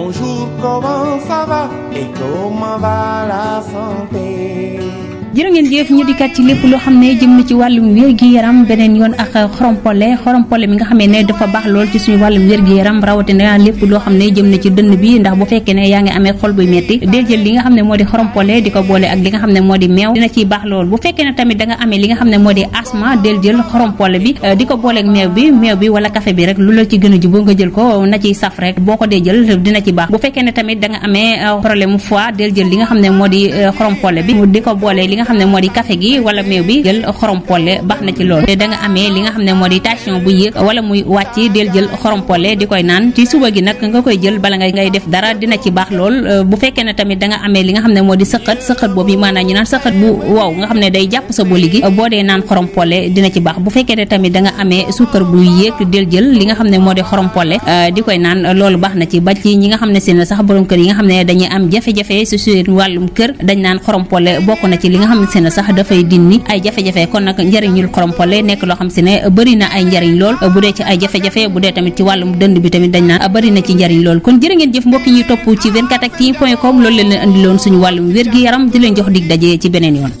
Bonjour, comment jërë ngeen jëf ñu dikkat ci lépp loo xam ne jëm na ci wàllum wér-gi-yaram beneen yoon ak xorompole xorompole nga xamee ne dafa baax lool ci suñu wàllum wér-gi-yaram rawatina lépp loo xam ne jëm na ci dënn bi ndax bu fekkee ne yaa ngi amee xol buy metti del jël li nga xam ne moo di xorompole di ko boole ak li nga ne moo di meew dina ciy baax ne tamit da nga amee li nga xam ne moo di asma del jël xorompole bi di ko boole meew bi meew bi wala café bi rek lu la ci gën a jubóo nga jël ko na ciy saf rek boo ko dee jël dina ci baax bu fekkee ne tamit da nga amee euh, problème foie jël li nga xam ne moo di euh, xorompole bi di ko boole xam ne moo di café gi wala meew da nga amee li nga da nga amee li nga xam ne moo di euh, sëqat sëqat boobu maanaam ñu naan dee naan xorom dina ci baax bu fekkee ne tamit da nga amee suukar bu yéeg del jël li nga xam ne moo di xorom euh, di koy naan loolu baax na ci ba ci ñi nga xam ne seen sax borom kër yi nga xam ne dañuy am jafe-jafe su seen wàllum kër dañ naan xorom bokk na ci li nga xam si ne sax dafay dindi ay jafe-jafe kon nag njëriñul xorompole nekk loo xam si ne bëri na ay njëriñ lool bu dee ci ay jafe-jafe bu dee tamit ci wàllum dënd bi tamit dañ naan bëri na ci njëriñ lool kon jërë ngeen jëf mbokk ñuy topp ci 24actu point com loolu leen leen andiloon suñu wàllum wér gi yaram di leen jox dig daje ci beneen yoon